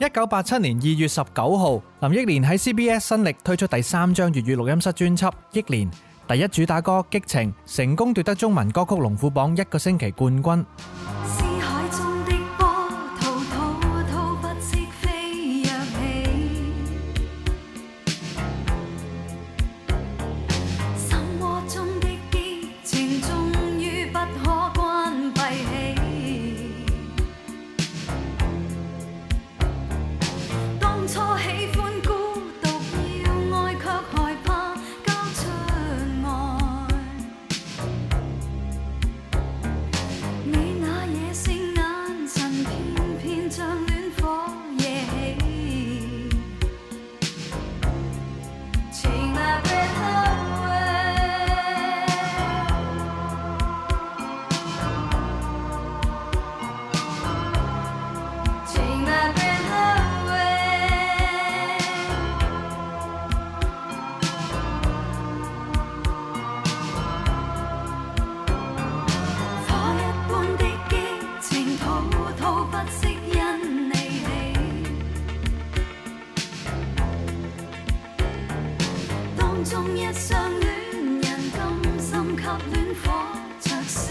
一九八七年二月十九號，林憶蓮喺 CBS 新力推出第三張粵語錄音室專輯《憶蓮》，第一主打歌《激情》成功奪得中文歌曲龍虎榜一個星期冠軍。中一雙戀人甘心給戀火着死。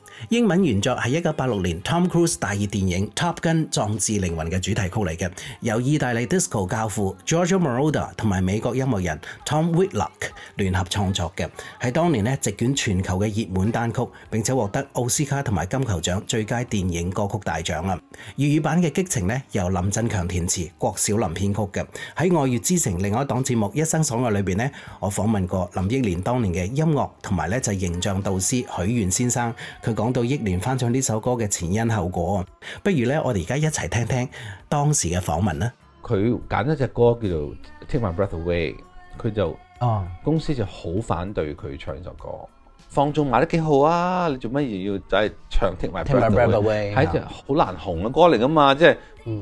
英文原作係一九八六年 Tom Cruise 大熱電影《Top Gun：壯志凌雲》嘅主題曲嚟嘅，由意大利 disco 教父 Giorgio Moroder 同埋美國音樂人 Tom Whitlock 聯合創作嘅，係當年咧席捲全球嘅熱門單曲，並且獲得奧斯卡同埋金球獎最佳電影歌曲大獎啊！粵語版嘅《激情》咧由林振強填詞，郭小霖編曲嘅。喺愛粵之城另外一檔節目《一生所愛》裏面，我訪問過林憶蓮當年嘅音樂同埋咧就形象導師許願先生，佢到憶蓮翻唱呢首歌嘅前因後果，不如咧，我哋而家一齊聽聽當時嘅訪問啦。佢揀咗隻歌叫做《Take My Breath Away》，佢就啊，公司就好反對佢唱呢首歌。放縱賣得幾好啊！你做乜嘢要就係唱聽埋腳步嘅？係隻好難紅嘅歌嚟噶嘛，即係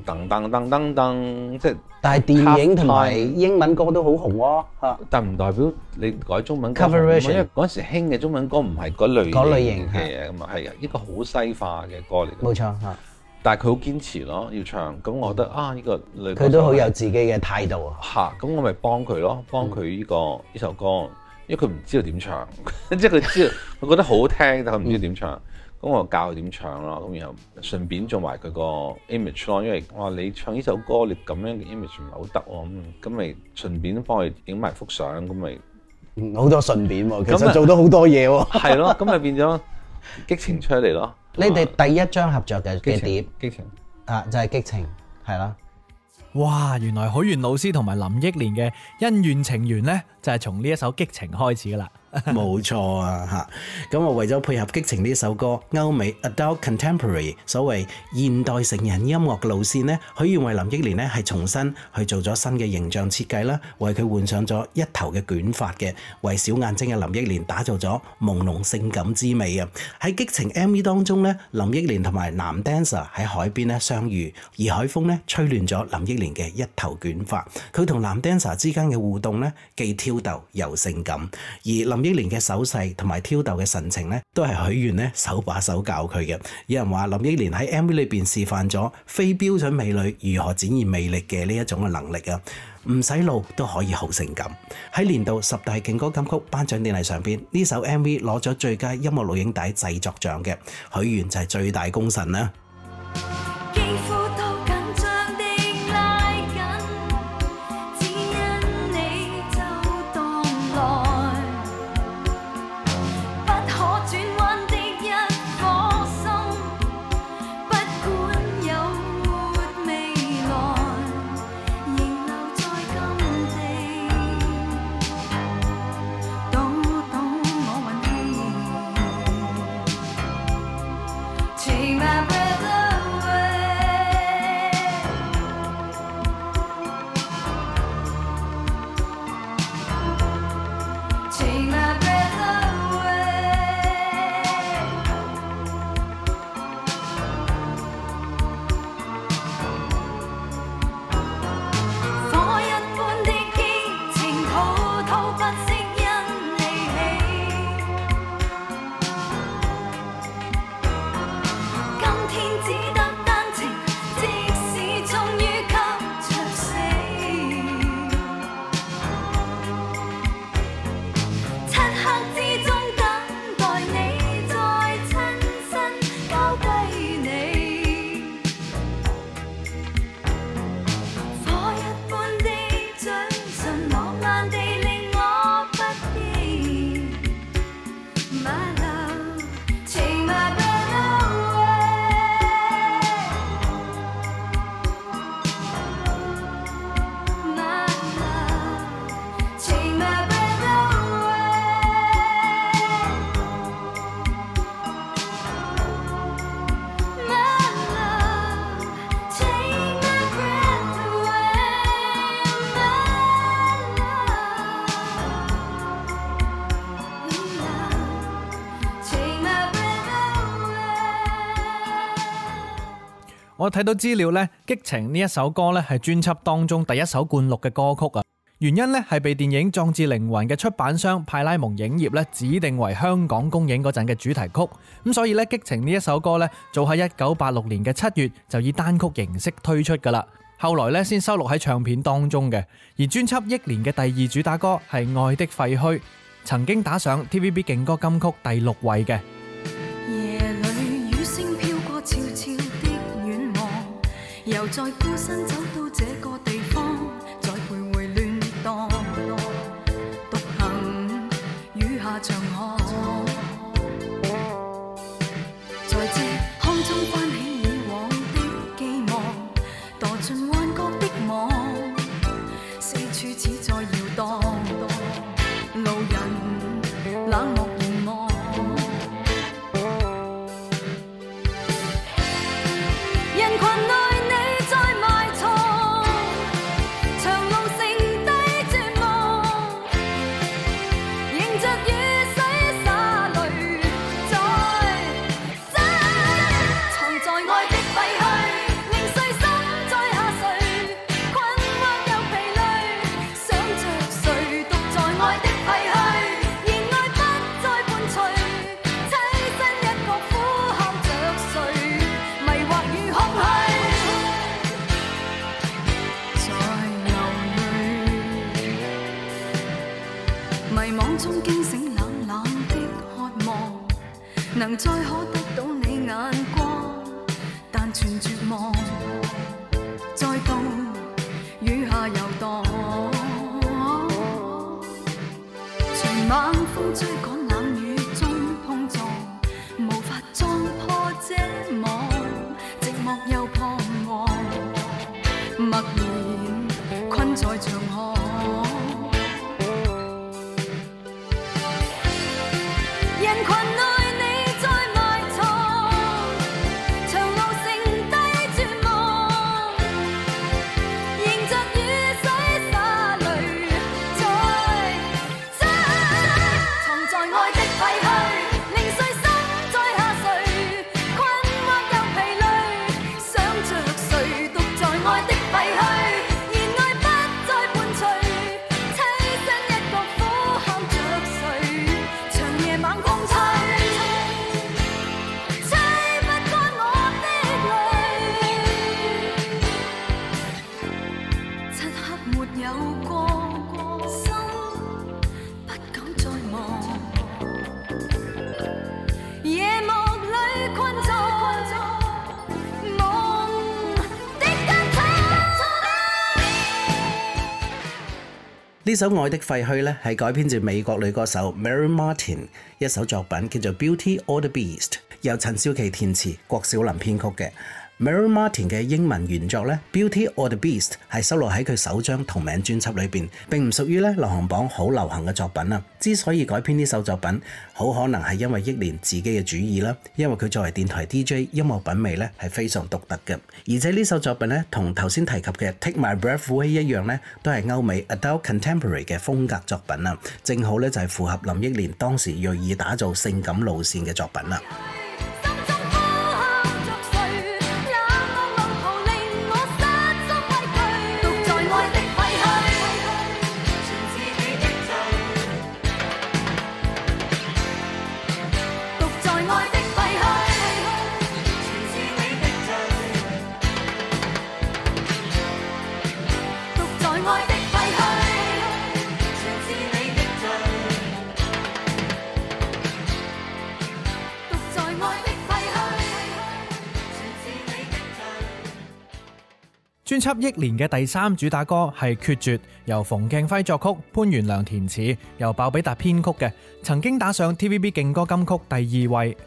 噔噔噔噔噔，即係。但係電影同埋英文歌都好紅喎、啊，嚇、啊啊！但唔代表你改中文 cover version。因為嗰時興嘅中文歌唔係嗰類型嘅嘢，咁啊係啊，一個好西化嘅歌嚟。嘅。冇錯嚇，但係佢好堅持咯，要唱。咁我覺得啊，呢、這個佢都好有自己嘅態度啊。吓、啊，咁我咪幫佢咯，幫佢呢、這個呢、嗯、首歌。因為佢唔知道點唱，即係佢知道，佢覺得好聽，但佢唔知點唱，咁、嗯、我教佢點唱咯。咁然後順便做埋佢個 image 咯，因為哇，你唱呢首歌，你咁樣嘅 image 唔係好得喎。咁咁咪順便幫佢影埋幅相，咁咪好多順便喎、啊。其實做到好多嘢喎、啊。係咯，咁咪變咗激情出嚟咯。你哋第一張合作嘅嘅碟，激情啊，就係、是、激情，係啦。哇！原來許願老師同埋林憶蓮嘅恩怨情緣呢，就係從呢一首激情開始㗎喇。冇錯啊，吓，咁啊，為咗配合《激情》呢首歌，歐美 adult contemporary 所謂現代成人音樂嘅路線呢，可以為林憶蓮呢係重新去做咗新嘅形象設計啦，為佢換上咗一頭嘅捲發嘅，為小眼睛嘅林憶蓮打造咗朦朧性感之美啊！喺《激情》MV 當中呢，林憶蓮同埋男 dancer 喺海邊呢相遇，而海風呢吹亂咗林憶蓮嘅一頭捲發，佢同男 dancer 之間嘅互動呢，既挑逗又性感，而林。林憶蓮嘅手勢同埋挑逗嘅神情咧，都係許願咧手把手教佢嘅。有人話林憶蓮喺 MV 裏邊示範咗非標準美女如何展現魅力嘅呢一種嘅能力啊，唔使露都可以好性感。喺年度十大勁歌金曲頒獎典禮上邊，呢首 MV 攞咗最佳音樂錄影帶製作獎嘅許願就係最大功臣啦。睇到資料呢，《激情》呢一首歌呢係專輯當中第一首灌錄嘅歌曲啊。原因呢係被電影《壯志凌雲》嘅出版商派拉蒙影業指定為香港公映嗰陣嘅主題曲，咁所以呢，《激情》呢一首歌呢，早喺一九八六年嘅七月就以單曲形式推出噶啦，後來呢，先收錄喺唱片當中嘅。而專輯《憶蓮的》嘅第二主打歌係《愛的廢墟》，曾經打上 TVB 勁歌金曲第六位嘅。又再孤身走到這個地方。首《愛的廢墟》咧，係改編自美國女歌手 Mary Martin 一首作品，叫做《Beauty or the Beast》，由陳少琪填詞，郭小林編曲嘅。Marilyn Martin 嘅英文原作咧，《Beauty or the Beast》係收錄喺佢首張同名專輯裏邊，並唔屬於咧流行榜好流行嘅作品啊。之所以改編呢首作品，好可能係因為憶蓮自己嘅主意啦。因為佢作為電台 DJ，音樂品味咧係非常獨特嘅。而且呢首作品咧，同頭先提及嘅《Take My Breath Away》一樣咧，都係歐美 Adult Contemporary 嘅風格作品啊。正好咧就係符合林憶蓮當時銳意打造性感路線嘅作品啦。專輯《憶蓮》嘅第三主打歌係《決絕》，由馮敬輝作曲，潘源良填詞，由鮑比達編曲嘅，曾經打上 TVB 勁歌金曲第二位。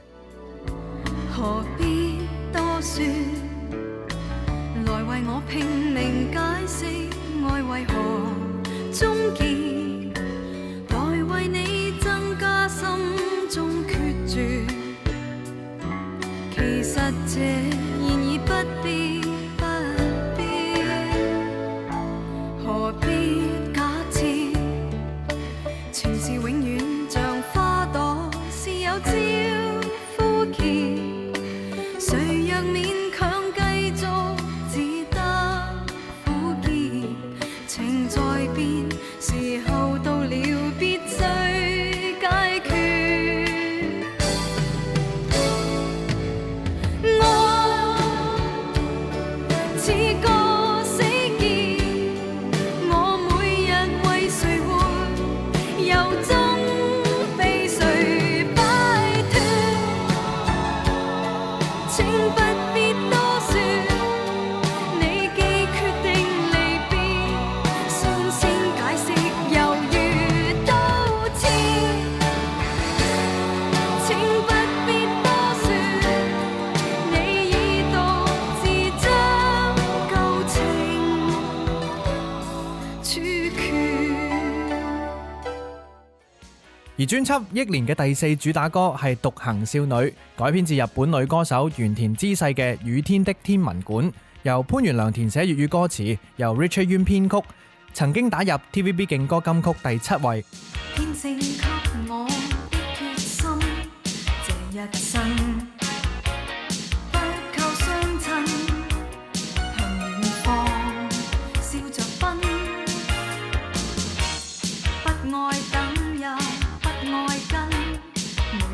何必多而專輯《憶蓮》嘅第四主打歌係《獨行少女》，改編自日本女歌手原田知世嘅《雨天的天文館》，由潘源良填寫粵語歌詞，由 Richard Yuen 編曲，曾經打入 TVB 勁歌金曲第七位。天性給我啲決心，這一生。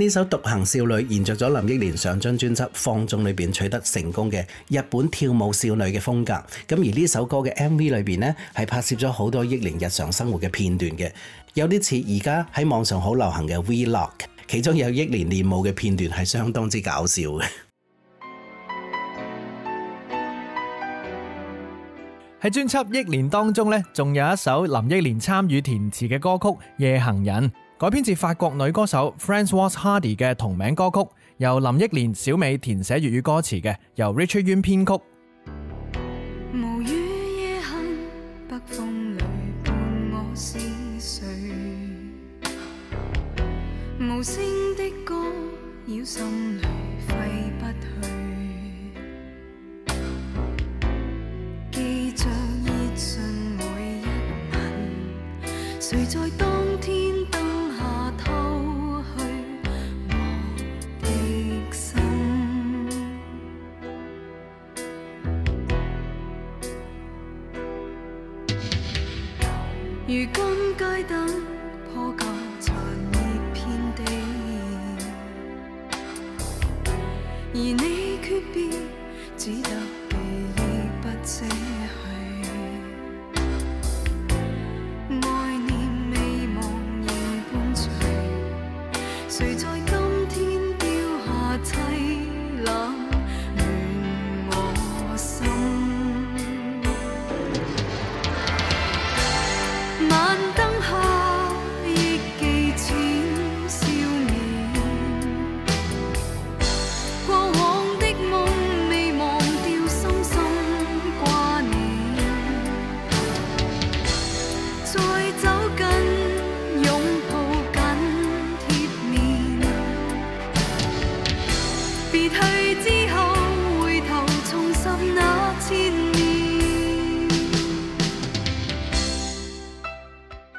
呢首《獨行少女》延續咗林憶蓮上張專輯《放縱》裏邊取得成功嘅日本跳舞少女嘅風格，咁而呢首歌嘅 MV 裏邊咧，係拍攝咗好多憶蓮日常生活嘅片段嘅，有啲似而家喺網上好流行嘅 Vlog，其中有憶蓮練舞嘅片段係相當之搞笑嘅。喺專輯《憶蓮》當中咧，仲有一首林憶蓮參與填詞嘅歌曲《夜行人》。改編自法國女歌手 Françoise Hardy 嘅同名歌曲，由林憶蓮、小美填寫粵語歌詞嘅，由 Richard Yuen 編曲。無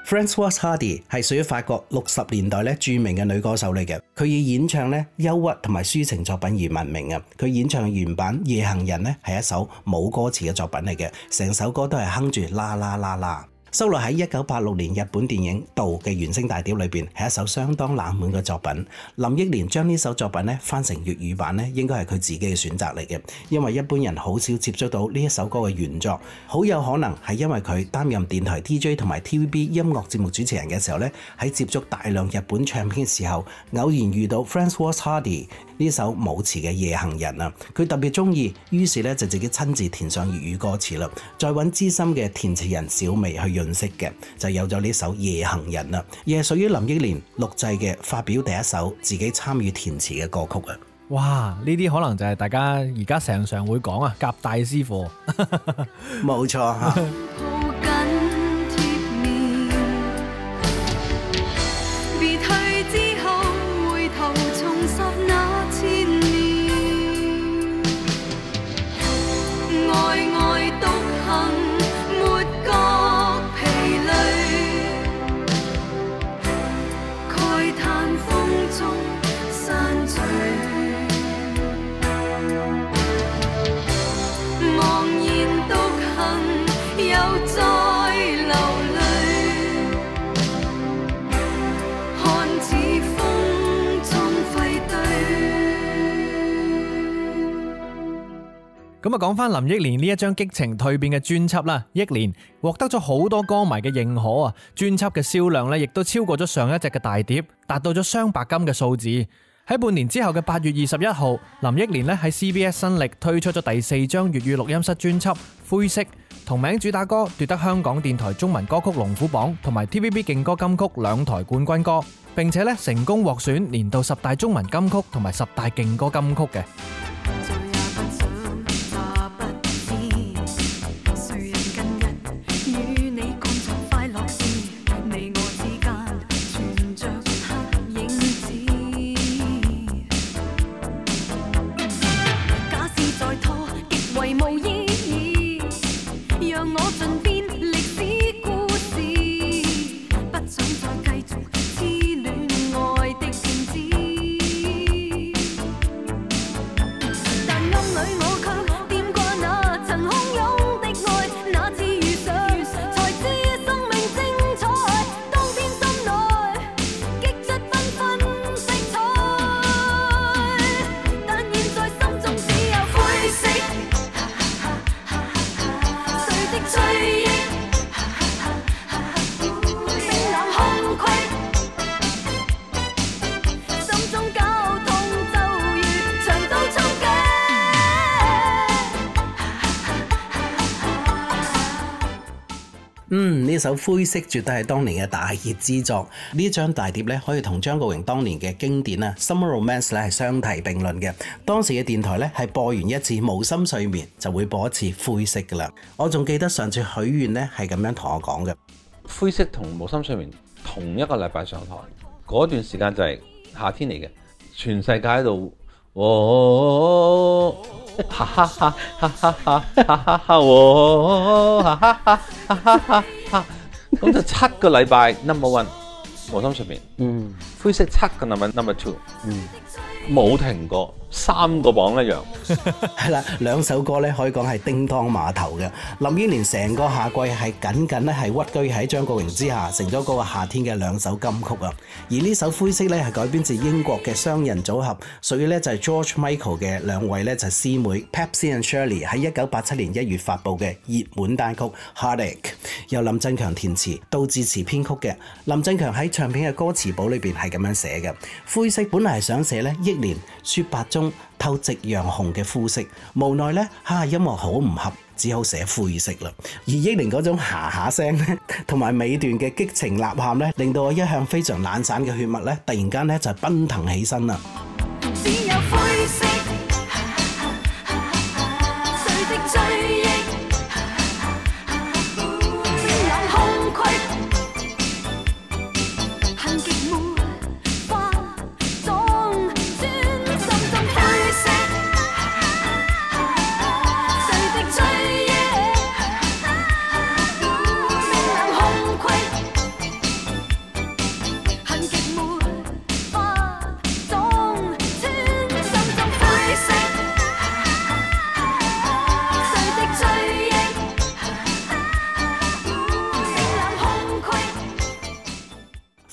Françoise Hardy 係屬於法國六十年代著名嘅女歌手嚟嘅，佢以演唱咧憂鬱同埋抒情作品而聞名，佢演唱原版《夜行人》是係一首冇歌詞嘅作品嚟嘅，成首歌都係哼住啦啦啦啦。收落喺一九八六年日本電影《道》嘅原聲大碟裏面，係一首相當冷門嘅作品。林憶蓮將呢首作品咧翻成粵語版咧，應該係佢自己嘅選擇嚟嘅，因為一般人好少接觸到呢一首歌嘅原作，好有可能係因為佢擔任電台 DJ 同埋 TVB 音樂節目主持人嘅時候咧，喺接觸大量日本唱片嘅時候，偶然遇到《Françoise Hardy》。呢首舞詞嘅《夜行人》啊，佢特別鍾意，於是咧就自己親自填上粵語歌詞啦，再揾資深嘅填詞人小美去潤色嘅，就有咗呢首《夜行人》啦。而係屬於林憶蓮錄製嘅，發表第一首自己參與填詞嘅歌曲啊！哇，呢啲可能就係大家而家常常會講 啊，夾大師傅。冇錯。咁啊，講翻林憶蓮呢一張《激情蛻變》嘅專輯啦，憶蓮獲得咗好多歌迷嘅認可啊，專輯嘅銷量呢亦都超過咗上一隻嘅大碟，達到咗雙白金嘅數字。喺半年之後嘅八月二十一號，林憶蓮呢喺 CBS 新力推出咗第四張粵語錄音室專輯《灰色》，同名主打歌奪得香港電台中文歌曲龍虎榜同埋 TVB 勁歌金曲兩台冠軍歌，並且呢成功獲選年度十大中文金曲同埋十大勁歌金曲嘅。首灰色絕對係當年嘅大熱之作，呢張大碟咧可以同張國榮當年嘅經典啊《Summer Romance》咧係相提並論嘅。當時嘅電台咧係播完一次《無心睡眠》就會播一次《灰色》噶啦。我仲記得上次許願咧係咁樣同我講嘅，《灰色》同《無心睡眠》同一個禮拜上台，嗰段時間就係夏天嚟嘅，全世界喺度。哦，哦，哈哈哈哈哈哈哈哈哈！哦，哈哈哈哈哈哈。咁就 七個禮拜，number one，我心上面，嗯，灰色七個哈哈哈哈哈哈 number two，嗯，冇停過。三個榜一樣，係啦，兩首歌咧，可以講係叮當碼頭嘅林憶蓮，成個夏季係僅僅咧，係屈居喺張國榮之下，成咗個夏天嘅兩首金曲啊。而呢首灰色咧，係改編自英國嘅雙人組合，屬於咧就係 George Michael 嘅兩位咧就係師妹 Pepsi and Shirley 喺一九八七年一月發布嘅熱門單曲 Heartache，由林振強填詞，杜自持編曲嘅。林振強喺唱片嘅歌詞簿裏邊係咁樣寫嘅：灰色本來係想寫咧憶蓮說白偷夕陽紅嘅膚色，無奈呢，哈、啊、音樂好唔合，只好寫灰色啦。而憶蓮嗰種下下聲咧，同埋尾段嘅激情呐喊呢，令到我一向非常懶散嘅血脈呢，突然間呢就奔騰起身啦。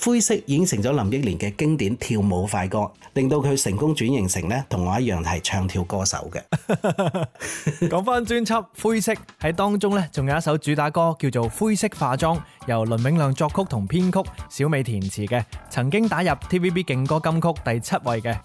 灰色已經成咗林憶蓮嘅經典跳舞快歌，令到佢成功轉型成咧同我一樣係唱跳歌手嘅。講翻專輯《灰色》，喺當中咧仲有一首主打歌叫做《灰色化妝》，由倫永亮作曲同編曲，小美填詞嘅，曾經打入 TVB 勁歌金曲第七位嘅。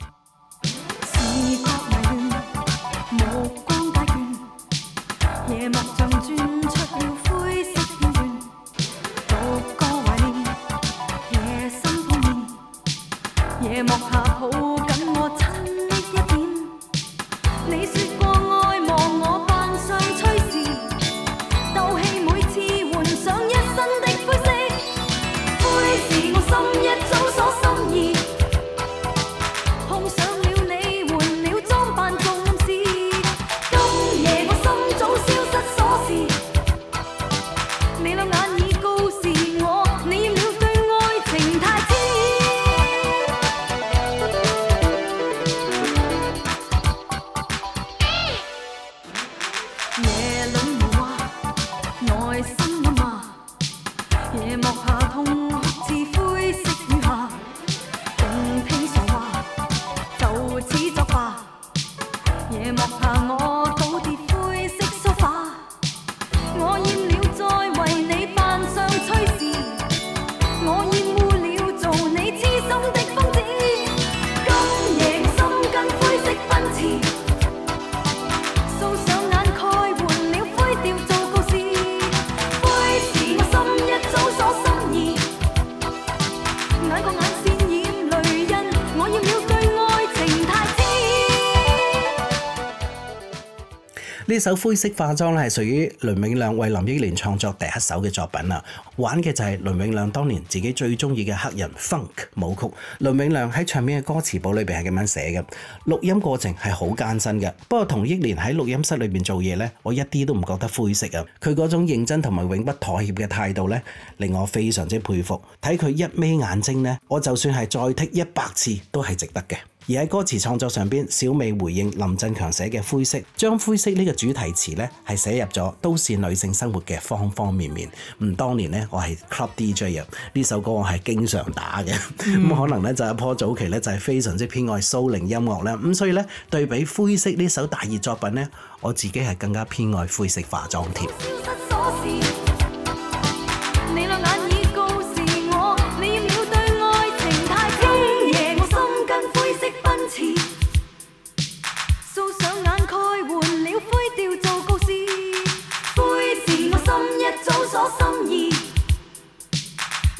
首灰色化妝咧係屬於倫永亮為林憶蓮創作第一首嘅作品啦，玩嘅就係倫永亮當年自己最中意嘅黑人 funk 舞曲。倫永亮喺唱片嘅歌詞簿裏邊係咁樣寫嘅，錄音過程係好艱辛嘅。不過同憶蓮喺錄音室裏面做嘢呢，我一啲都唔覺得灰色啊！佢嗰種認真同埋永不妥協嘅態度呢，令我非常之佩服。睇佢一眯眼睛呢，我就算係再剔一百次都係值得嘅。而喺歌詞創作上邊，小美回應林振強寫嘅《灰色》，將《灰色》呢個主題詞呢，係寫入咗都市女性生活嘅方方面面。嗯，當年呢，我係 club D J 啊，呢首歌我係經常打嘅。咁、嗯、可能呢，就阿 Paul 早期呢，就係非常之偏愛蘇寧音樂啦。咁所以呢，對比《灰色》呢首大熱作品呢，我自己係更加偏愛《灰色化妝》添。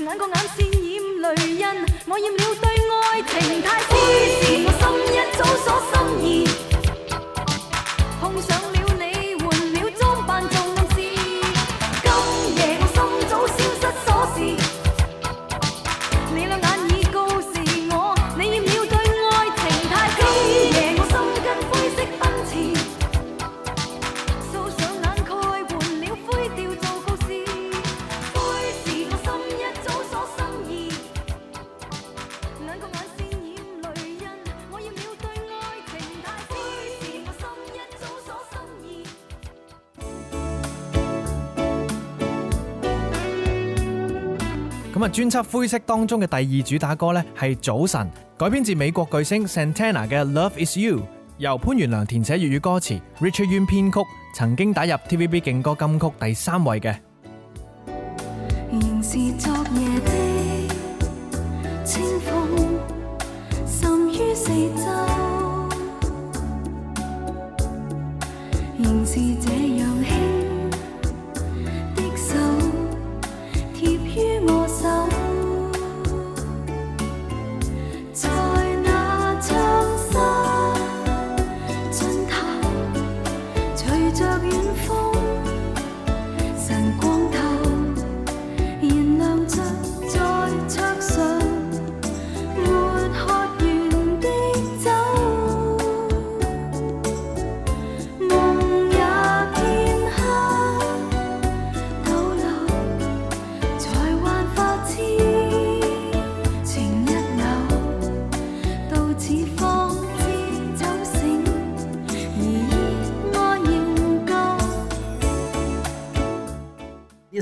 眼角眼線染淚印，我厭了對愛情太痴纏，我心一早鎖心門，碰上了。咁啊！專輯灰色當中嘅第二主打歌咧，係《早晨》，改編自美國巨星 Santana 嘅《Love Is You》，由潘源良填寫粵語歌詞，Richard Yuen 編曲，曾經打入 TVB 勁歌金曲第三位嘅。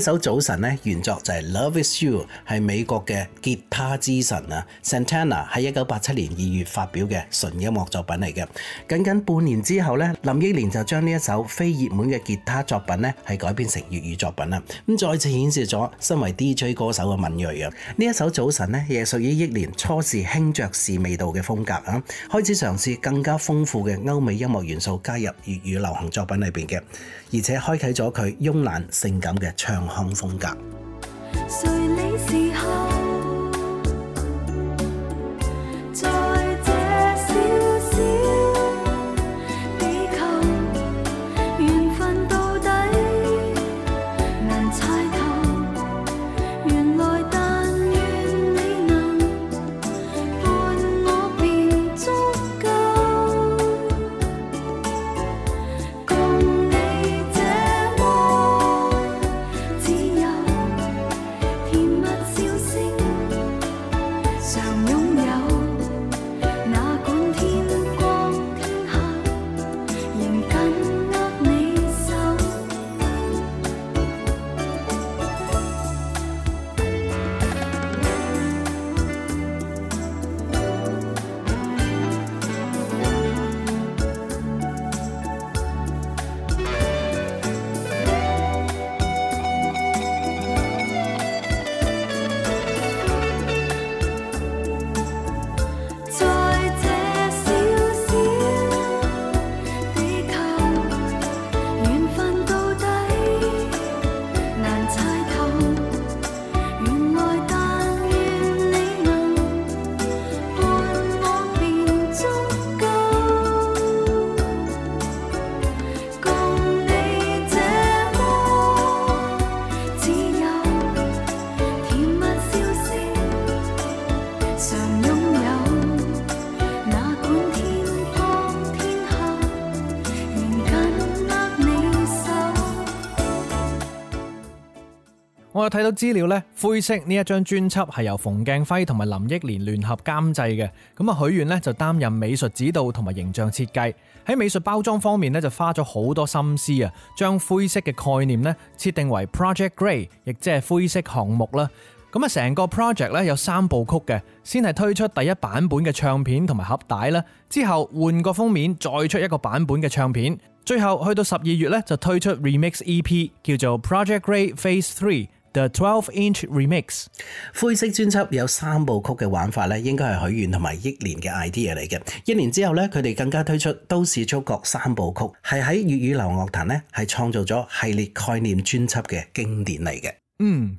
呢首早晨咧，原作就係 Love Is You，係美國嘅吉他之神啊 Santana 喺一九八七年二月發表嘅純音樂作品嚟嘅。僅僅半年之後咧，林憶蓮就將呢一首非熱門嘅吉他作品咧係改編成粵語作品啦。咁再次顯示咗身為 DJ 歌手嘅敏銳啊！呢一首早晨咧亦屬於憶蓮初時輕爵士味道嘅風格啊，開始嘗試更加豐富嘅歐美音樂元素加入粵語流行作品裏邊嘅，而且開啟咗佢慵懶性感嘅唱。康風格。我有睇到資料咧，灰色呢一張專輯係由馮敬輝同埋林憶蓮聯合監製嘅。咁啊，許願呢就擔任美術指導同埋形象設計。喺美術包裝方面呢，就花咗好多心思啊。將灰色嘅概念呢設定為 Project Grey，亦即係灰色項目啦。咁啊，成個 project 咧有三部曲嘅，先係推出第一版本嘅唱片同埋盒帶啦。之後換個封面，再出一個版本嘅唱片。最後去到十二月咧，就推出 remix EP 叫做 Project Grey Phase Three。The 12-inch remix 灰色專輯有三部曲嘅玩法咧，應該係許願同埋憶蓮嘅 idea 嚟嘅。一年之後咧，佢哋更加推出《都市觸覺》三部曲，係喺粵語流行樂壇咧，係創造咗系列概念專輯嘅經典嚟嘅。嗯。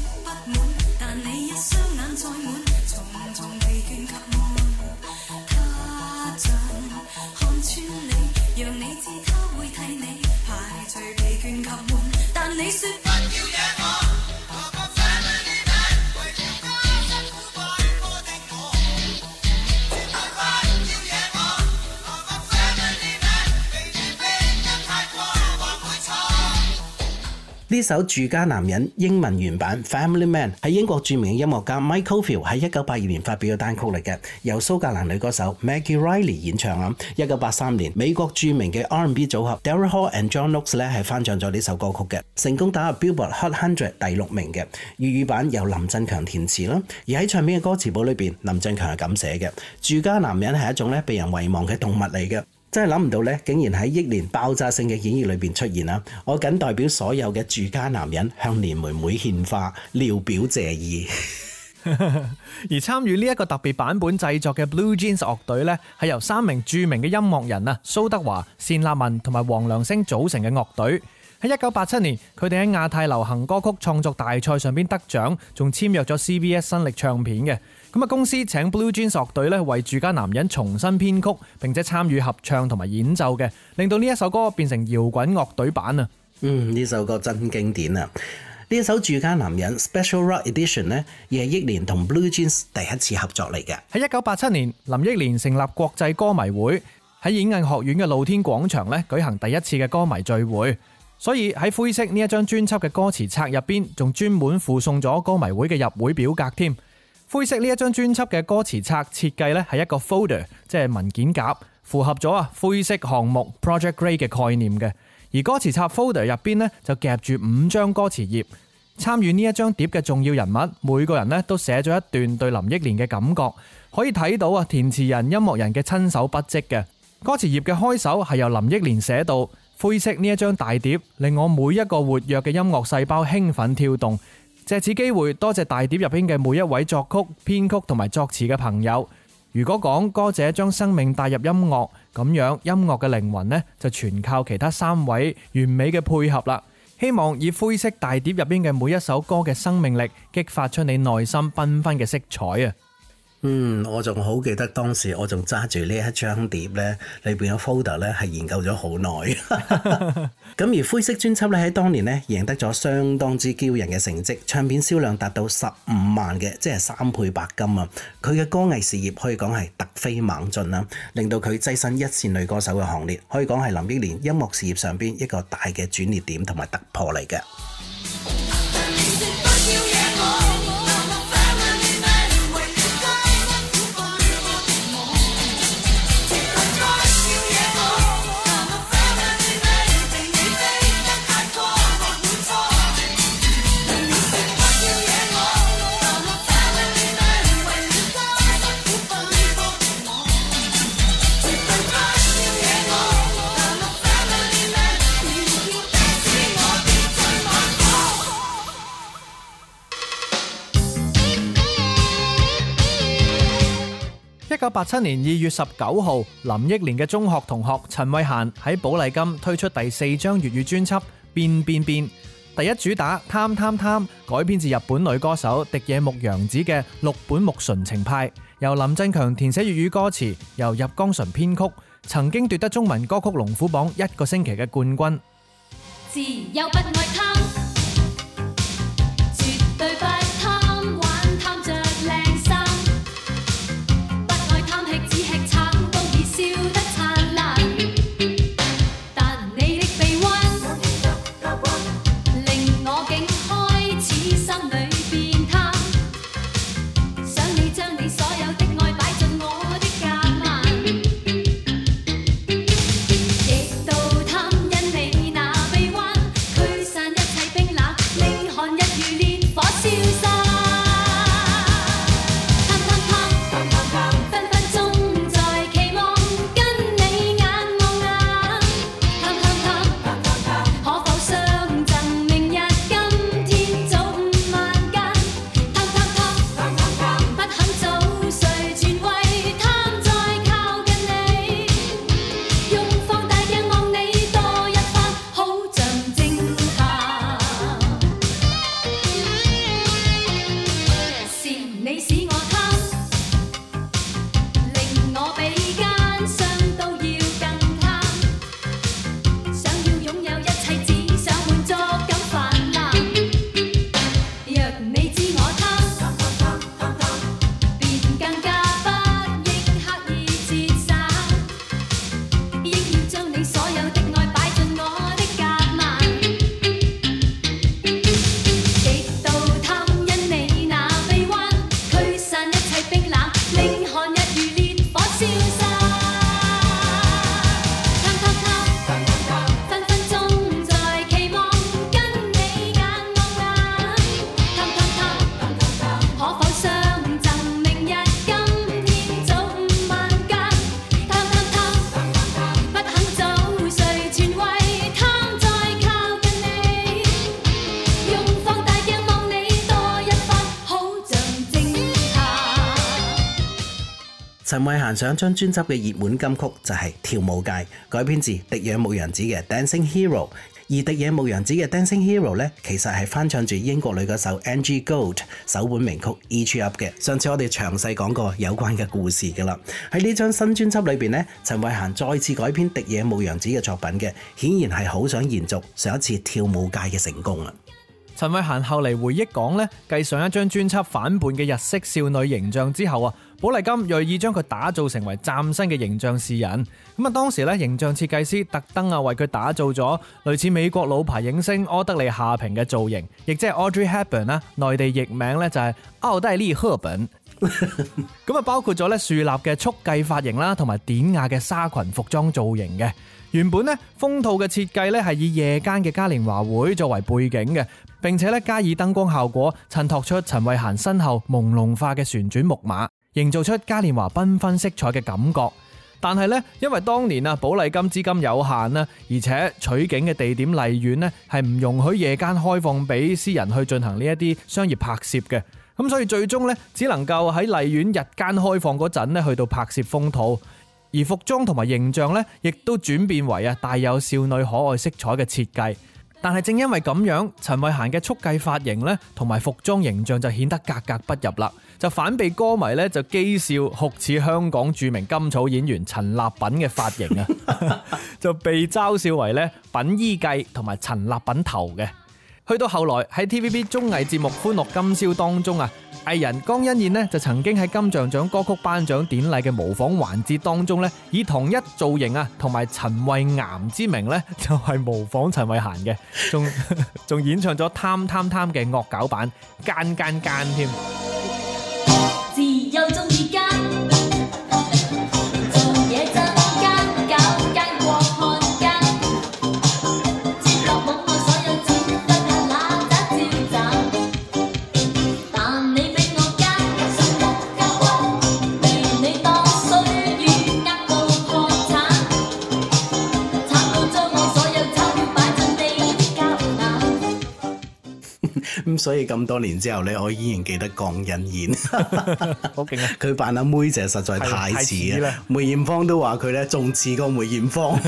呢首住家男人英文原版《Family Man》喺英國著名嘅音樂家 Michael Field 喺一九八二年發表嘅單曲嚟嘅，由蘇格蘭女歌手 Maggie Reilly 演唱。咁一九八三年，美國著名嘅 R&B 組合 Daryl Hall and John Knox 咧，係翻唱咗呢首歌曲嘅，成功打入 Billboard Hot 100第六名嘅。粵語版由林振強填詞啦，而喺唱片嘅歌詞簿裏邊，林振強係咁寫嘅：住家男人係一種咧被人遺忘嘅動物嚟嘅。真係諗唔到咧，竟然喺憶蓮爆炸性嘅演繹裏邊出現啦！我僅代表所有嘅住家男人向蓮妹妹獻花，聊表謝意。 而參與呢一個特別版本製作嘅 Blue Jeans 樂隊，呢係由三名著名嘅音樂人啊，蘇德華、單立文同埋黃良昇組成嘅樂隊。喺一九八七年，佢哋喺亞太流行歌曲創作大賽上邊得獎，仲簽約咗 CBS 新力唱片嘅。咁啊！公司請 Blue Jeans 樂隊咧，為住家男人重新編曲，並且參與合唱同埋演奏嘅，令到呢一首歌變成搖滾樂隊版啊！嗯，呢首歌真經典啊！呢一首住家男人 Special Rock Edition 咧，亦係憶蓮同 Blue Jeans 第一次合作嚟嘅。喺一九八七年，林憶蓮成立國際歌迷會，喺演藝學院嘅露天廣場咧，舉行第一次嘅歌迷聚會，所以喺灰色呢一張專輯嘅歌詞冊入邊，仲專門附送咗歌迷會嘅入會表格添。灰色呢一張專輯嘅歌詞冊設計呢係一個 folder，即係文件夾，符合咗啊灰色項目 Project Grey 嘅概念嘅。而歌詞冊 folder 入邊呢，就夾住五張歌詞頁。參與呢一張碟嘅重要人物，每個人呢都寫咗一段對林憶蓮嘅感覺，可以睇到啊填詞人、音樂人嘅親手筆迹嘅。歌詞頁嘅開首係由林憶蓮寫到：灰色呢一張大碟令我每一個活躍嘅音樂細胞興奮跳動。借此機會，多謝大碟入邊嘅每一位作曲、編曲同埋作詞嘅朋友。如果講歌者將生命帶入音樂，咁樣音樂嘅靈魂呢，就全靠其他三位完美嘅配合啦。希望以灰色大碟入邊嘅每一首歌嘅生命力，激發出你內心繽紛嘅色彩啊！嗯，我仲好記得當時，我仲揸住呢一張碟呢裏邊嘅 folder 呢係研究咗好耐。咁而灰色專輯呢，喺當年呢贏得咗相當之驕人嘅成績，唱片銷量達到十五萬嘅，即係三倍白金啊！佢嘅歌藝事業可以講係突飛猛進啦，令到佢躋身一線女歌手嘅行列，可以講係林憶蓮音樂事業上邊一個大嘅轉捩點同埋突破嚟嘅。一九八七年二月十九號，林憶蓮嘅中學同學陳慧嫻喺寶麗金推出第四張粵語專輯《變變變》，第一主打《貪貪貪》改編自日本女歌手荻野目洋子嘅《六本木純情派》，由林振強填寫粵語歌詞，由入江純編曲，曾經奪得中文歌曲龍虎榜一個星期嘅冠軍。自由不上一張專輯嘅熱門金曲就係、是《跳舞街》，改編自荻野目洋子嘅《Dancing Hero》，而荻野目洋子嘅《Dancing Hero》咧，其實係翻唱住英國女歌手 Angie Gold 首本名曲《Eat You Up》嘅。上次我哋詳細講過有關嘅故事噶啦。喺呢張新專輯裏邊呢，陳慧嫻再次改編荻野目洋子嘅作品嘅，顯然係好想延續上一次《跳舞街》嘅成功啦。陳慧嫻後嚟回憶講咧，繼上一張專輯反叛嘅日式少女形象之後啊。保麗金睿意將佢打造成為暫新嘅形象視人咁啊！當時咧，形象設計師特登啊，為佢打造咗類似美國老牌影星奧德利夏平嘅造型，亦即係 Audrey Hepburn 啦。內地譯名咧就係 Audrey Hepburn。咁啊， 包括咗咧樹立嘅速髻髮型啦，同埋典雅嘅紗裙服裝造型嘅，原本咧，風套嘅設計咧係以夜間嘅嘉年華會作為背景嘅，並且咧加以燈光效果襯托出陳慧嫻身後朦朧化嘅旋轉木馬。營造出嘉年華繽紛色彩嘅感覺，但係咧，因為當年啊，寶麗金資金有限啦，而且取景嘅地點荔園呢係唔容許夜間開放俾私人去進行呢一啲商業拍攝嘅，咁所以最終咧只能夠喺荔園日間開放嗰陣咧去到拍攝風土，而服裝同埋形象咧亦都轉變為啊帶有少女可愛色彩嘅設計。但係正因為咁樣，陳慧嫻嘅束髻髮型咧，同埋服裝形象就顯得格格不入啦，就反被歌迷咧就譏笑酷似香港著名甘草演員陳立品嘅髮型啊， 就被嘲笑為咧品姨髻同埋陳立品頭嘅。去到後來喺 TVB 綜藝節目《歡樂今宵》當中啊。藝人江欣燕呢就曾經喺金像獎歌曲頒獎典禮嘅模仿環節當中呢，以同一造型啊同埋陳慧嫻之名呢就係、是、模仿陳慧嫻嘅，仲仲 演唱咗《貪貪貪》嘅惡搞版《奸奸奸》添。咁所以咁多年之後咧，我依然記得江欣燕，好勁啊！佢扮阿妹姐實在太似啦。梅艷芳都話佢咧，仲似過梅艷芳。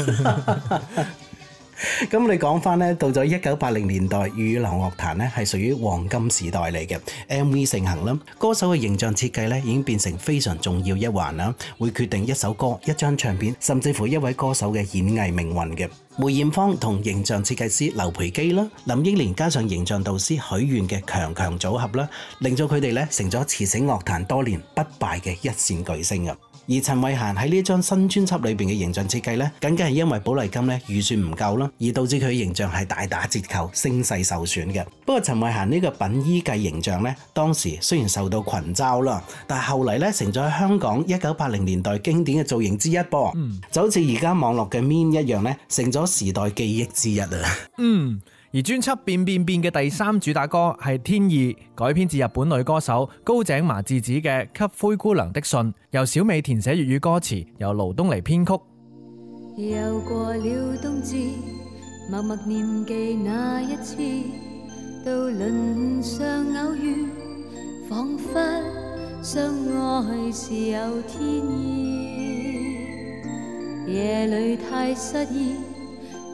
咁你講翻咧，到咗一九八零年代，粵語流行樂壇咧係屬於黃金時代嚟嘅，MV 盛行啦，歌手嘅形象設計咧已經變成非常重要一環啦，會決定一首歌、一張唱片，甚至乎一位歌手嘅演藝命運嘅。梅艷芳同形象設計師劉培基啦，林憶蓮加上形象導師許願嘅強強組合，令到佢哋成咗馳騁樂壇多年不敗嘅一線巨星。而陳慧嫻喺呢張新專輯裏邊嘅形象設計呢，僅僅係因為寶麗金咧預算唔夠啦，而導致佢形象係大打折扣、聲勢受損嘅。不過陳慧嫻呢個品姨髻形象呢，當時雖然受到群嘲啦，但係後嚟呢，成咗香港一九八零年代經典嘅造型之一噃。嗯。就好似而家網絡嘅 meme 一樣呢，成咗時代記憶之一啊。嗯。而專輯《變變變》嘅第三主打歌係《天意》，改編自日本女歌手高井麻志子嘅《給灰姑娘的信》，由小美填寫粵語歌詞，由盧東尼編曲。又過了冬至，默默念記那一次，渡輪上偶遇，彷彿相愛是有天意，夜裏太失意。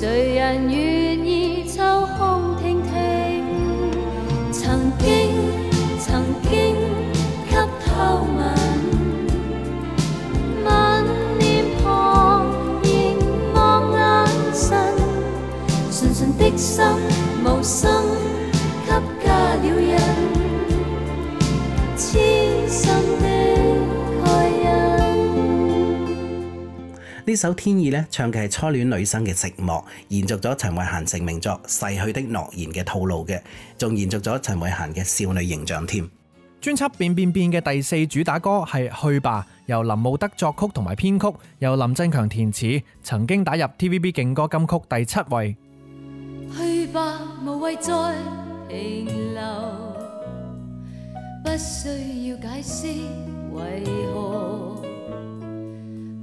誰人願意抽空聽聽？曾經，曾經給偷吻，吻臉龐，凝望眼神，純純的心，無心給嫁了人，痴心的。呢首《天意》咧，唱嘅係初戀女生嘅寂寞，延續咗陳慧嫻成名作《逝去的諾言》嘅套路嘅，仲延續咗陳慧嫻嘅少女形象添。專輯《變變變》嘅第四主打歌係《去吧》，由林慕德作曲同埋編曲，由林振強填詞，曾經打入 TVB 勁歌金曲第七位。去吧，無謂再停留，不需要解釋為何。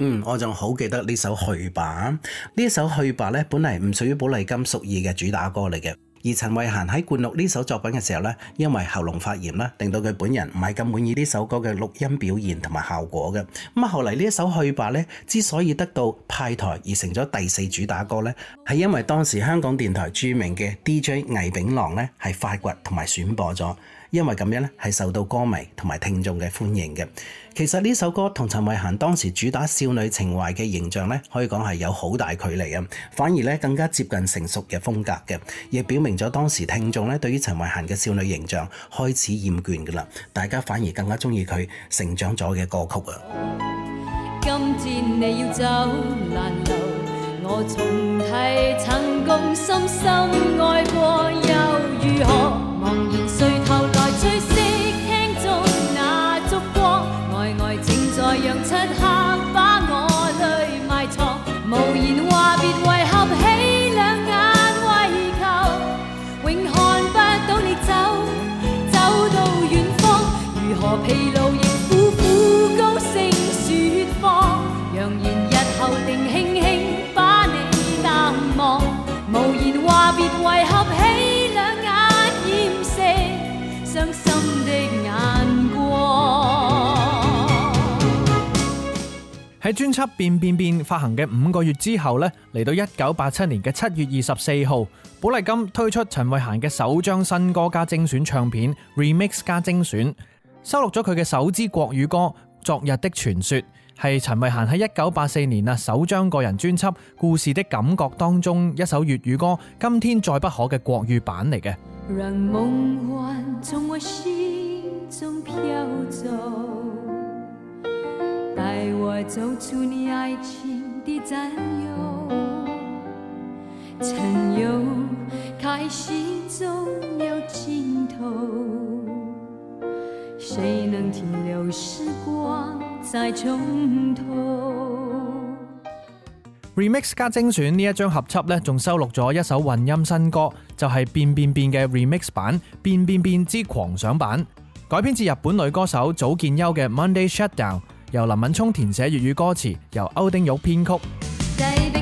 嗯，我仲好記得呢首《去吧》呢一首《去吧》咧，本嚟唔屬於寶麗金屬意嘅主打歌嚟嘅。而陳慧嫻喺灌錄呢首作品嘅時候咧，因為喉嚨發炎啦，令到佢本人唔係咁滿意呢首歌嘅錄音表現同埋效果嘅。咁啊，後嚟呢一首《去吧》咧，之所以得到派台而成咗第四主打歌咧，係因為當時香港電台著名嘅 DJ 魏炳郎咧係發掘同埋選播咗。因為咁樣咧，係受到歌迷同埋聽眾嘅歡迎嘅。其實呢首歌同陳慧嫻當時主打少女情懷嘅形象咧，可以講係有好大距離啊。反而咧更加接近成熟嘅風格嘅，亦表明咗當時聽眾咧對於陳慧嫻嘅少女形象開始厭倦噶啦，大家反而更加中意佢成長咗嘅歌曲啊。今次你要走，難道我重提曾共深深愛過又如何？喺專輯《變變變》發行嘅五個月之後呢，嚟到一九八七年嘅七月二十四號，寶麗金推出陳慧嫻嘅首張新歌加精選唱片《Remix 加精選》，收錄咗佢嘅首支國語歌《昨日的傳說》，係陳慧嫻喺一九八四年啊首張個人專輯《故事的感覺》當中一首粵語歌，今天再不可嘅國語版嚟嘅。讓帶我走出你愛情的。Remix 加精選呢一張合輯呢，仲收錄咗一首混音新歌，就係《變變變》嘅 Remix 版《變變變之狂想版》，改編自日本女歌手早見優嘅《Monday Shutdown》。由林敏聰填寫粵語歌詞，由歐丁玉編曲。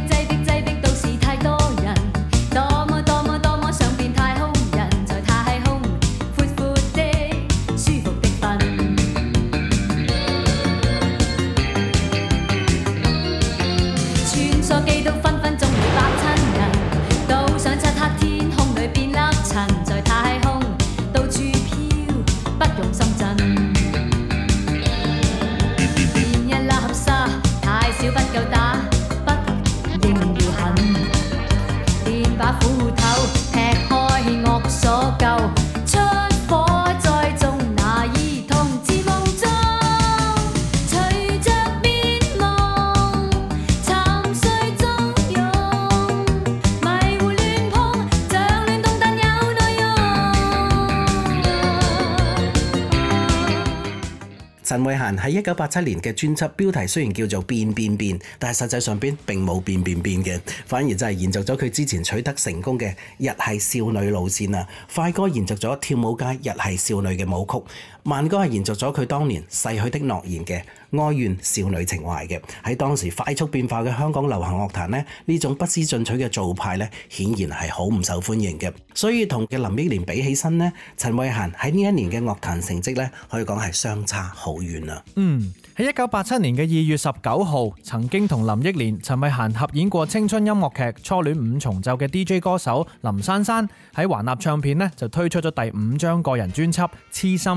慧嫻喺一九八七年嘅專輯，標題雖然叫做《變變變》，但係實際上邊並冇變變變嘅，反而就係延續咗佢之前取得成功嘅《日系少女路線》啊！快歌延續咗《跳舞街日系少女》嘅舞曲，慢歌係延續咗佢當年逝去的諾言嘅，哀怨少女情懷嘅喺當時快速變化嘅香港流行樂壇呢，呢種不思進取嘅做派呢，顯然係好唔受歡迎嘅。所以同林憶蓮比起身呢，陳慧嫻喺呢一年嘅樂壇成績呢，可以講係相差好遠啦。嗯，喺一九八七年嘅二月十九號，曾經同林憶蓮、陳慧嫻合演過青春音樂劇《初戀五重奏》嘅 DJ 歌手林珊珊喺華納唱片呢，就推出咗第五張個人專輯《痴心》。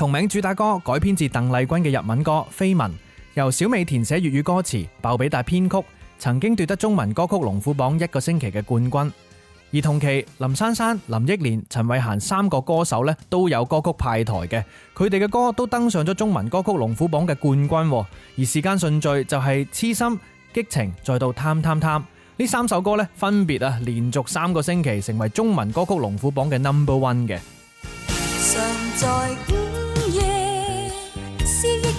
同名主打歌改編自鄧麗君嘅日文歌《緋聞》，由小美填寫粵語歌詞，鮑比達編曲，曾經奪得中文歌曲龍虎榜一個星期嘅冠軍。而同期林珊珊、林憶蓮、陳慧嫻三個歌手咧都有歌曲派台嘅，佢哋嘅歌都登上咗中文歌曲龍虎榜嘅冠軍。而時間順序就係、是《痴心》《激情》再到《貪貪貪》呢三首歌咧，分別啊連續三個星期成為中文歌曲龍虎榜嘅 Number One 嘅。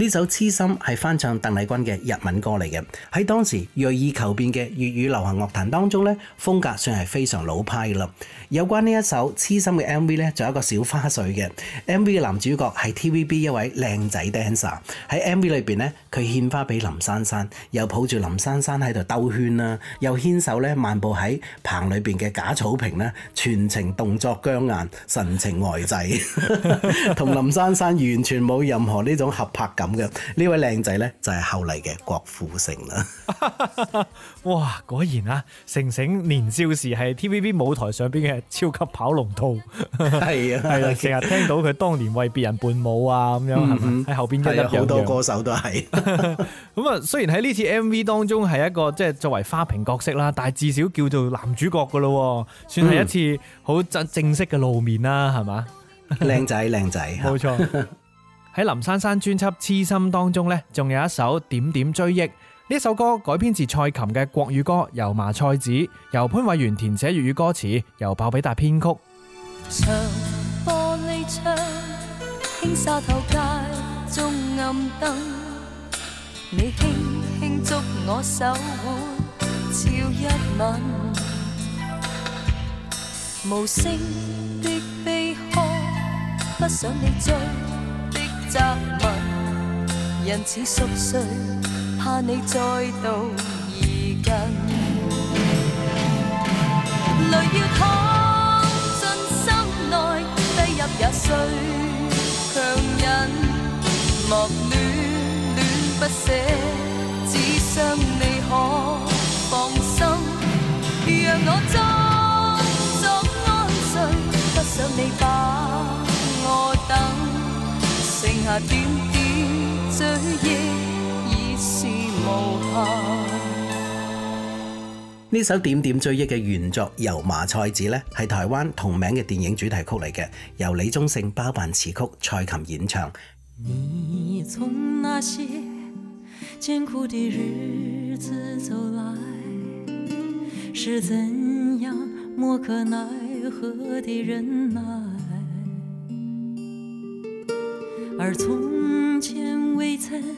呢首《痴心》係翻唱鄧麗君嘅日文歌嚟嘅，喺當時鋭意求變嘅粵語流行樂壇當中，呢風格算係非常老派啦。有關呢一首痴心嘅 M V 咧，仲有一個小花絮嘅 M V 嘅男主角係 T V B 一位靚仔 Dancer，喺 M V 裏邊咧，佢獻花俾林珊珊，又抱住林珊珊喺度兜圈啦，又牽手咧，漫步喺棚裏邊嘅假草坪啦，全程動作僵硬，神情呆滯，同 林珊珊完全冇任何呢種合拍感嘅，呢位靚仔咧就係、是、後嚟嘅郭富城啦。 哇，果然啊，成成年少時係 T V B 舞台上邊嘅。超級跑龍套，係啊，係啊。成日聽到佢當年為別人伴舞、嗯嗯、啊，咁樣係咪？喺後邊一，好多歌手都係。咁啊，雖然喺呢次 M V 當中係一個即係作為花瓶角色啦，但係至少叫做男主角噶咯，算係一次好正正式嘅露面啦，係嘛？靚仔，靚仔，冇 錯。喺林珊珊專輯《痴心》當中呢，仲有一首《點點追憶》。呢首歌改編自蔡琴嘅國語歌《油麻菜籽》，由潘偉源填寫粵語歌詞，由鮑比達編曲。窗玻璃窗，輕沙頭街中暗燈，你輕輕捉我手腕，照一吻。無聲的悲哭，不想你追的責問，人似熟睡。怕你再度移近，淚要淌進心內，低泣也需強忍。莫戀戀不捨，只想你可放心，讓我早早安睡，不想你把我等，剩下點點追憶。呢首點點追憶嘅原作《油麻菜籽》，呢係台灣同名嘅電影主題曲嚟嘅，由李宗盛包辦詞曲，蔡琴演唱。你從那些艱苦的日子走來，是怎樣莫可奈何的忍耐？而從前未曾。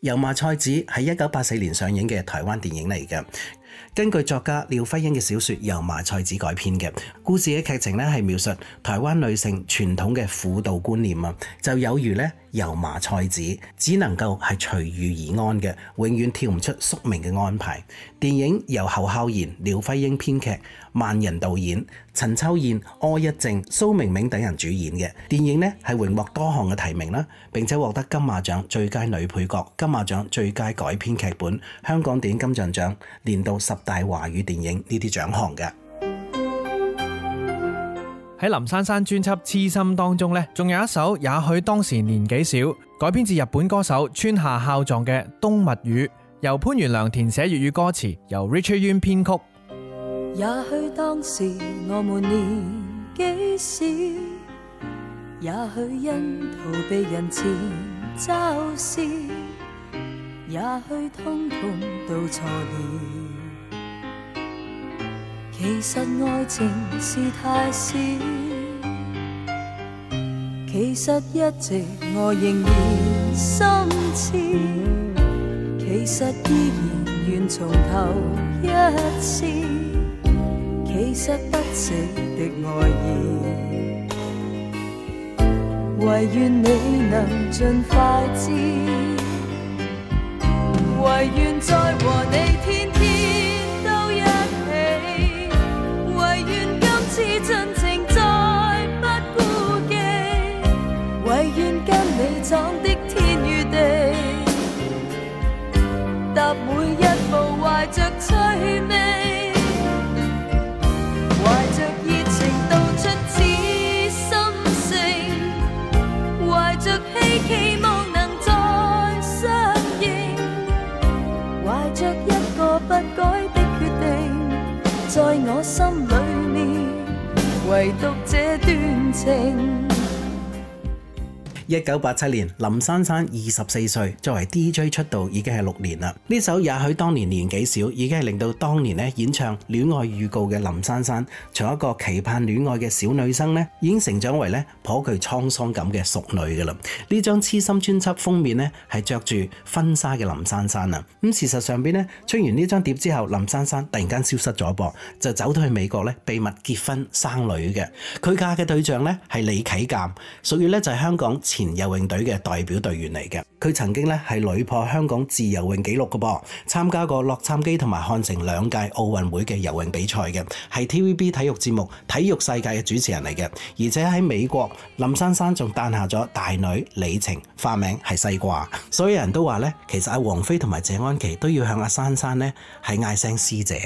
油麻菜籽係一九八四年上映嘅台灣電影嚟嘅，根據作家廖輝英嘅小說《油麻菜籽》改編嘅。故事嘅劇情呢係描述台灣女性傳統嘅婦道觀念啊，就有如呢。油麻菜籽只能夠係隨遇而安嘅，永遠跳唔出宿命嘅安排。電影由侯孝賢、廖輝英編劇，萬仁導演，陳秋燕、柯一正、蘇明明等人主演嘅電影呢係榮獲多項嘅提名啦，並且獲得金馬獎最佳女配角、金馬獎最佳改編劇本、香港電影金像獎年度十大華語電影呢啲獎項嘅。喺林珊珊專輯《痴心》當中呢，仲有一首，也許當時年紀少，改編自日本歌手村下孝藏嘅《冬物語》，由潘源良填寫粵語歌詞，由 Richard Yuen 編曲。也許當時我們年紀少，也許因逃避人前嘲笑，也許通通都錯念。其實愛情是太少，其實一直我仍然心痴，其實依然願從頭一次，其實不死的愛意，唯願你能盡快知，唯願再和你。每一步，懷着趣味，懷着熱情道出此心聲，懷着希冀，望能再相認，懷着一個不改的決定，在我心裏面，唯獨這段情。一九八七年，林姍姍二十四歲，作為 DJ 出道已經係六年啦。呢首也許當年年紀小，已經係令到當年咧演唱《戀愛預告》嘅林姍姍，從一個期盼戀愛嘅小女生咧，已經成長為咧頗具滄桑感嘅熟女噶啦。呢張《痴心》專輯封面呢，係着住婚紗嘅林姍姍啊。咁事實上邊呢，出完呢張碟之後，林姍姍突然間消失咗噃，就走咗去美國咧秘密結婚生女嘅。佢嫁嘅對象咧係李啟鑒，屬於咧就係香港。前游泳隊嘅代表隊員嚟嘅，佢曾經咧係屢破香港自由泳紀錄嘅噃，參加過洛杉磯同埋漢城兩屆奧運會嘅游泳比賽嘅，係 TVB 體育節目《體育世界》嘅主持人嚟嘅，而且喺美國林珊珊仲誕下咗大女李晴，花名係西瓜，所有人都話咧，其實阿王菲同埋謝安琪都要向阿珊珊呢係嗌聲師姐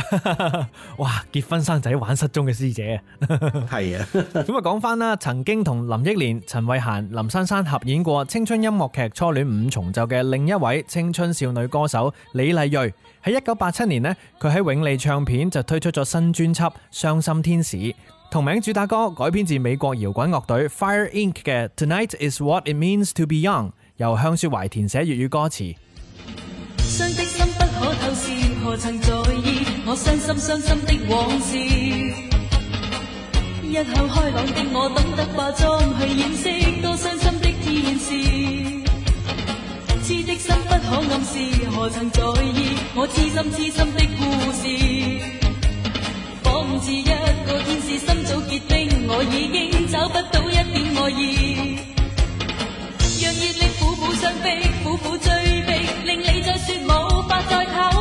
嘅， 哇！結婚生仔玩失蹤嘅師姐 是啊，係啊，咁啊講翻啦，曾經同林憶蓮、陳慧嫻。林珊珊合演過青春音樂劇《初戀五重奏》嘅另一位青春少女歌手李麗蕊，喺一九八七年咧,佢喺永利唱片就推出咗新專輯《傷心天使》,同名主打歌改編自美國搖滾樂隊 Fire Inc 嘅 Tonight Is What It Means To Be Young，由向雪懷填寫粵語歌詞。傷的心不可透視，何曾在意我傷心傷心的往事？一向開朗的我，懂得化妝去掩飾多傷心的天使，痴的心不可暗示，何曾在意我痴心痴心的故事。仿似一個天使，心早結冰，我已經找不到一點愛意。讓熱力苦苦傷逼，苦苦追逼，令你再說無法再靠。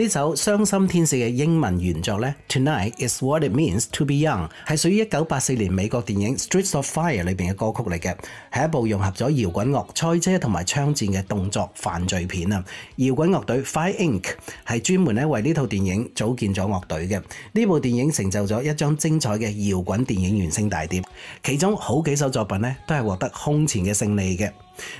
呢首《傷心天使》嘅英文原作呢《Tonight Is What It Means To Be Young》係屬於一九八四年美國電影《Streets of Fire》裏面嘅歌曲嚟嘅，係一部融合咗搖滾樂、賽車同埋槍戰嘅動作犯罪片啊！搖滾樂隊 Fire Inc 係專門咧為呢套電影組建咗樂隊嘅。呢部電影成就咗一張精彩嘅搖滾電影原聲大碟，其中好幾首作品咧都係獲得空前嘅勝利嘅。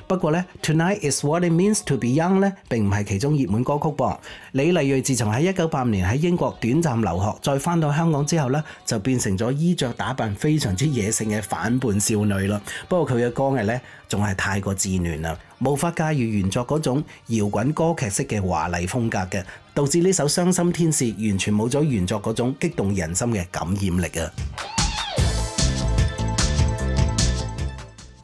不過咧，Tonight is what it means to be young 咧，並唔係其中熱門歌曲噃。李麗蕊自從喺一九八五年喺英國短暫留學，再翻到香港之後咧，就變成咗衣着打扮非常之野性嘅反叛少女啦。不過佢嘅歌藝咧，仲係太過稚嫩啦，無法駕馭原作嗰種搖滾歌劇式嘅華麗風格嘅，導致呢首傷心天使完全冇咗原作嗰種激動人心嘅感染力啊！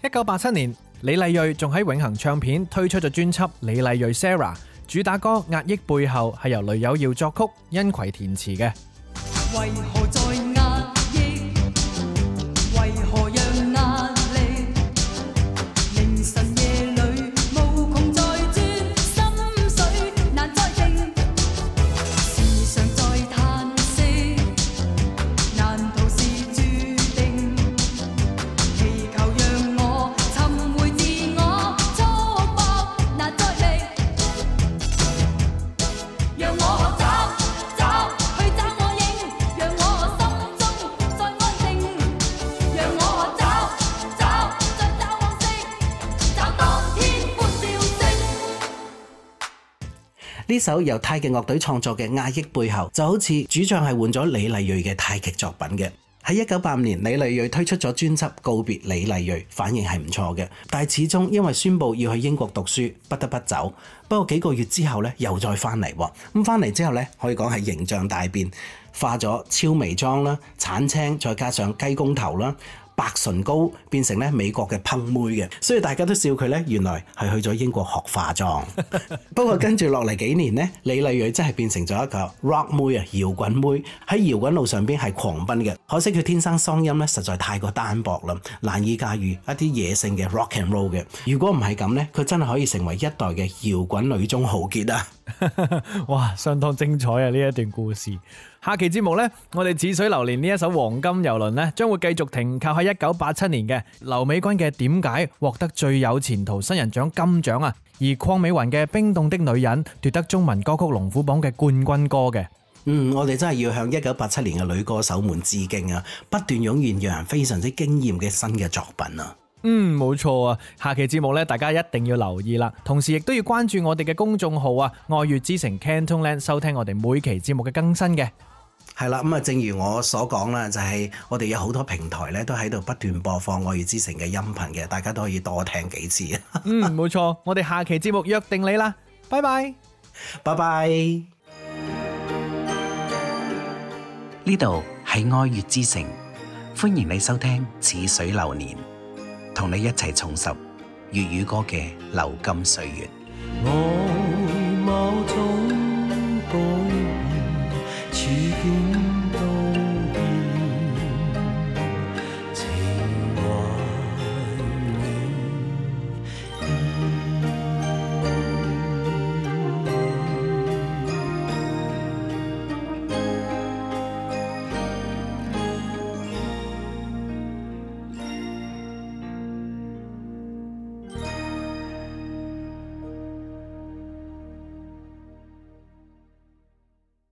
一九八七年。李麗蕊仲喺永恆唱片推出咗專輯《李麗蕊 Sara》，主打歌《壓抑背後》係由雷有曜作曲、因葵填詞嘅。呢首由太極樂隊創作嘅壓抑背後，就好似主唱係換咗李麗蕊嘅太極作品嘅。喺一九八五年，李麗蕊推出咗專輯《告別李麗蕊》，反應係唔錯嘅。但係始終因為宣布要去英國讀書，不得不走。不過幾個月之後咧，又再翻嚟。咁翻嚟之後咧，可以講係形象大變，化咗超微妝啦，鏟青，再加上雞公頭啦。白唇膏變成咧美國嘅 punk 妹嘅，所以大家都笑佢咧，原來係去咗英國學化妝。 不過跟住落嚟幾年咧，李麗蕊真係變成咗一個 rock 妹啊，搖滾妹喺搖滾路上邊係狂奔嘅。可惜佢天生嗓音咧，實在太過單薄啦，難以駕馭一啲野性嘅 rock and roll 嘅。如果唔係咁咧，佢真係可以成為一代嘅搖滾女中豪傑啊！ 哇，相當精彩啊！呢一段故事，下期節目呢，我哋《似水流年》呢一首《黃金遊輪》呢，將會繼續停靠喺一九八七年嘅劉美君嘅點解獲得最有前途新人獎金獎啊，而鄺美雲嘅《冰凍的女人》奪得中文歌曲龍虎榜嘅冠軍歌嘅。嗯，我哋真係要向一九八七年嘅女歌手們致敬啊！不斷湧現讓人非常之驚艷嘅新嘅作品啊！嗯，冇錯啊。下期節目咧，大家一定要留意啦。同時亦都要關注我哋嘅公眾號啊，《愛粵之城 CantonLand》，收聽我哋每期節目嘅更新嘅。係啦，咁啊，正如我所講啦，就係、是、我哋有好多平台咧，都喺度不斷播放《愛粵之城》嘅音頻嘅，大家都可以多聽幾次。嗯，冇錯， 我哋下期節目約定你啦。拜拜，拜拜。呢度係愛粵之城，歡迎你收聽《似水流年》。同你一齊重拾粵語歌嘅流金歲月。